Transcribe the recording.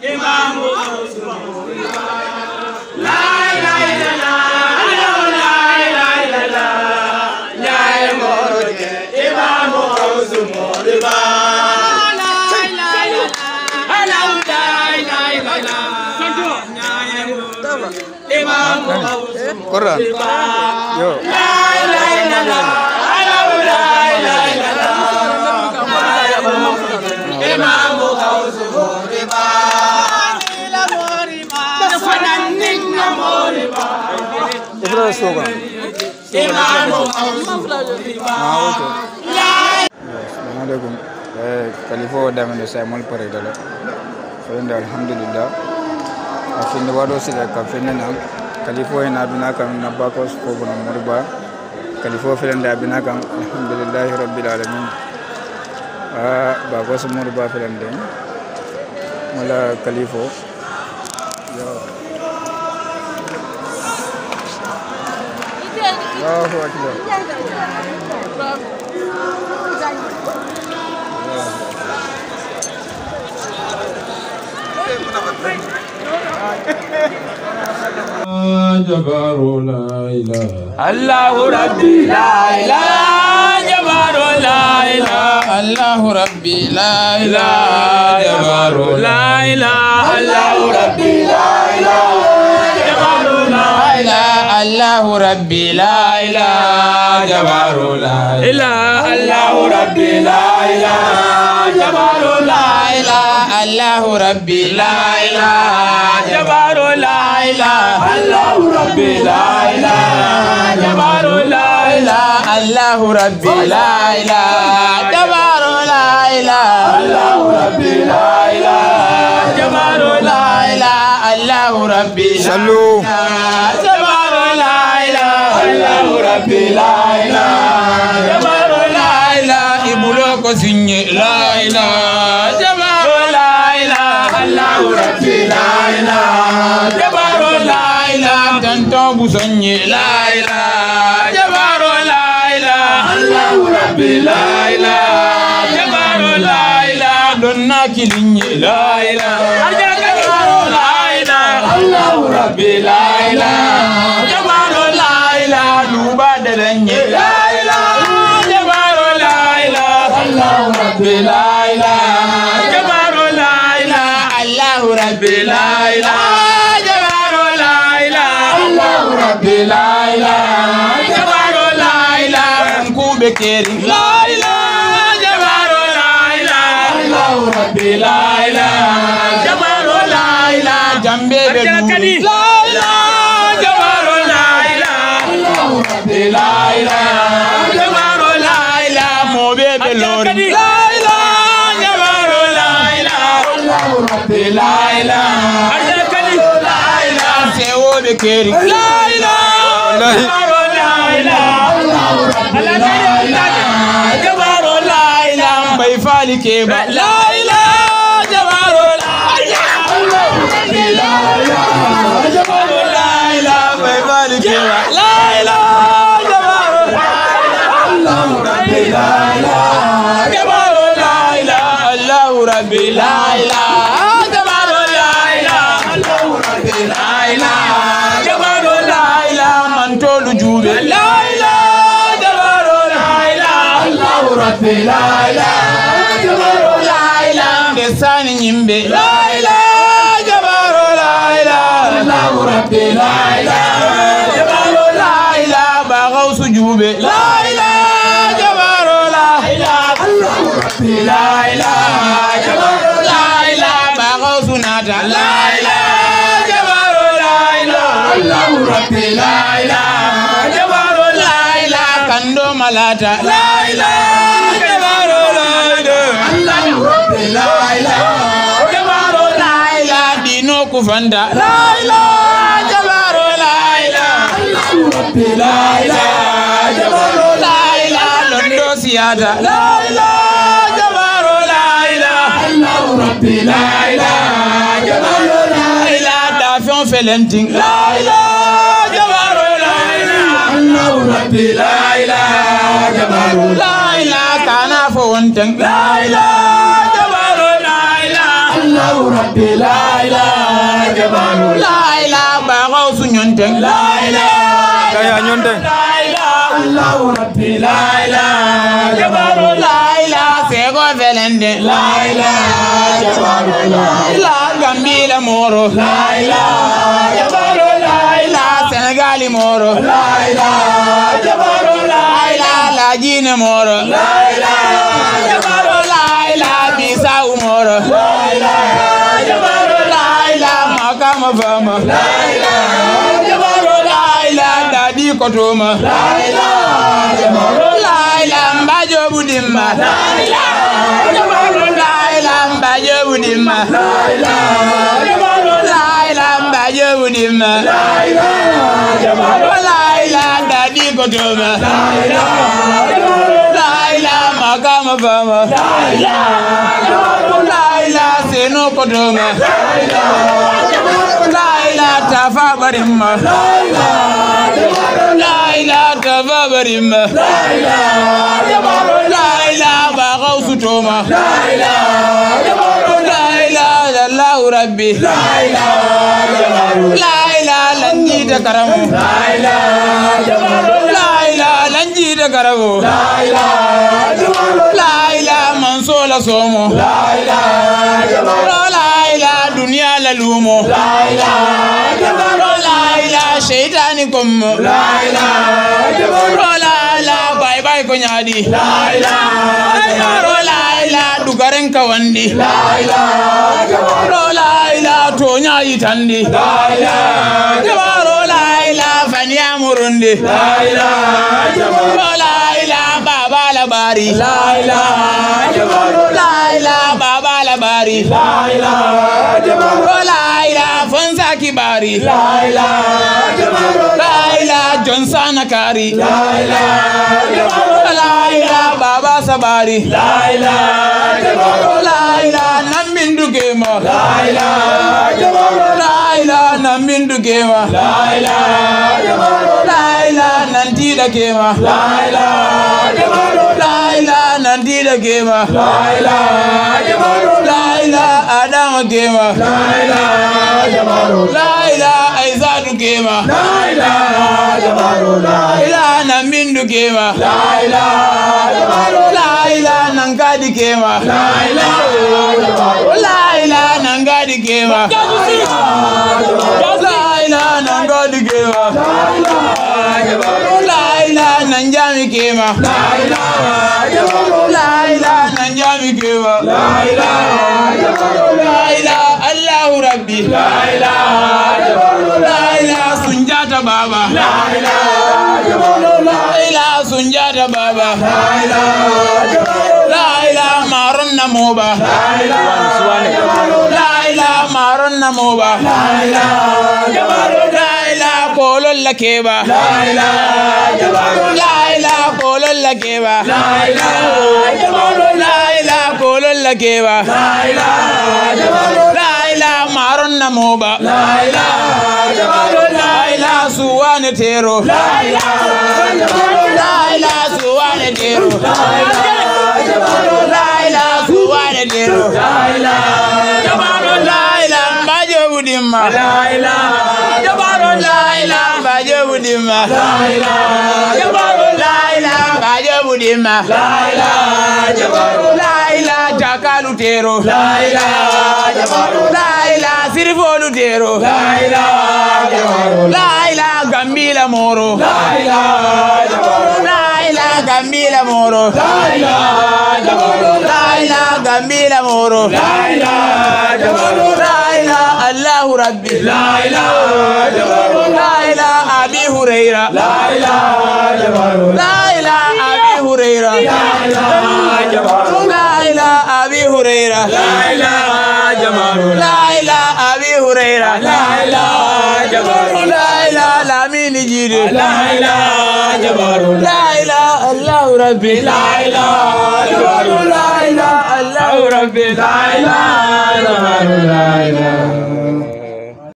Imam Corran. Yo. La, la, la, la. लो स्लोगन alaikum kalifo wadamino simon paredala fende alhamdulillah afinde waɗo sila kam fende nam kalifo hen abina kam nabbakos kobono moriba kalifo felende abina kam alhamdulillahi rabbil alamin bakos moriba felende wala kalifo Oh, I can go. Rabbi la ilaha jabaru la ilaha Allahu Rabbi la ilaha jabaru Rabbi الله ربي لا إله جبار لا إله الله ربي لا إله جبار لا إله الله ربي لا إله جبار لا إله الله ربي لا إله جبار لا إله الله ربي لا إله جبار لا إله الله ربي لا إله جبار لا إله الله ربي اله rabbi laa ilaaha jamaaru laa ilaaha ibu loo ko signé laa ilaaha jamaaru laa ilaaha allahu rabbi laa ilaaha jamaaru laa ilaaha tanton bu soñé laa ilaaha jamaaru laa ilaaha allahu rabbi laa ilaaha jamaaru laa ilaaha doon naa ki ligné laa ilaaha jamaaru laa ilaaha allahu rabbi laa ilaaha لنجي لا إله جبار لا إله الله ربي لا إله جبار لا إله الله ربي لا إله جبار لا إله الله ربي لا إله جبار لا إله أنكو بكير لا إله جبار لا إله الله ربي لا إله جبار لا إله جنبي بدو لا الكريم لا إله إلا الله إيه لا إله إلا الله جبار لا إله بيفالي كيبا لا إله جبار لا إله جبار لا إله بيفالي كيبا لا إله جبار لا إله الله ربي لا إله جبار لا إله الله ربي لا إله rabbi laila jabaru laila kesani nyimbe laila jabaru laila allahu rabbi laila jabaru laila bagaw sujube laila jabaru laila allahu rabbi laila jabaru laila bagaw sunata laila jabaru laila allahu rabbi laila jabaru laila kando malata laila laila jamaro laila Laila, Laila, laila Laila, laila laila Laila, laila Laila, Laila, laila Laila, laila Laila, laila Laila, laila Laila, Laila, laila Laila, laila Laila, laila Laila, laila Laila, Laila, Laila, laila rabbi laa baaxaw su ñonteng laa laa ilaa laa ilaa jabaaru laa laa ilaa mooro laa laa ilaa mooro vama laila jamaro laila dadi kotoma laila laila mbajo budimma laila laila mbajo budimma laila laila mbajo budimma laila laila dadi kotoma laila ma bama laila laila seno podoma laila ta fa barimma laila ta fa barimma laila ba gausu toma laila lallahu rabbi laila laila lanni da karamu laila jida garabo laila manso la somo laila duniya la lumo laila Laila shaitani komo laila bai bai ko nyaadi laila dugaren kawandi laila to Tonya Itandi laila saniya murunde laila oh, laila baba labari laila oh, laila baba bari la ilaha jamaro la ilaha fansa kibari la ilaha jamaro la ilaha johnson akari la ilaha jamaro la ilaha baba sabari la ilaha jamaro la ilaha namindu gema la ilaha jamaro la ilaha namindu gema la ilaha jamaro la ilaha nantida gema la ilaha nanti la kema laila jamaru laila adam kema laila jamaru laila aizadu kema laila jamaru laila namindu kema laila jamaru laila nangadi kema laila jamaru laila nangadi kema laila nangadi kema laila ننجامي كيما لا إله لا إله ننجامي كيما لا إله لا إله الله ربي لا إله لا إله سنجات بابا لا إله لا إله سنجات بابا لا إله لا مارنا موبا لا إله لا مارنا موبا لا لا قولوا لك يبا لا اله جبار لا اله قولوا لك يبا لا اله جبار لا اله قولوا لك يبا لا اله جبار لا اله مارن نموبا لا اله جبار لا اله سوان تيرو لا اله جبار لا اله سوان تيرو لا اله جبار لا اله سوان تيرو لا اله جبار wudima. Láìlá. Jọ́bọ̀rọ̀ láìlá. Bàjẹ́ wudima. Láìlá. Jọ́bọ̀rọ̀ láìlá. Bàjẹ́ wudima. Láìlá. Jọ́bọ̀rọ̀ láìlá. Jakalu tero. Láìlá. Jọ́bọ̀rọ̀ láìlá. Sirifolu tero. Láìlá. Jọ́bọ̀rọ̀ láìlá. Gambila moro. Láìlá. Jọ́bọ̀rọ̀ láìlá. Gambila moro. Láìlá. Jọ́bọ̀rọ̀ láìlá. Gambila moro. Láìlá. Jọ́bọ̀rọ̀ ربي لا إله جبار لا إله أبي هريرة لا إله جبار لا إله أبي هريرة لا إله جبار لا إله أبي هريرة لا إله لا إله أبي هريرة لا إله جبار لا إله لامين جيري لا إله جبار لا إله الله ربي لا إله جبار لا إله الله ربي لا إله لا إله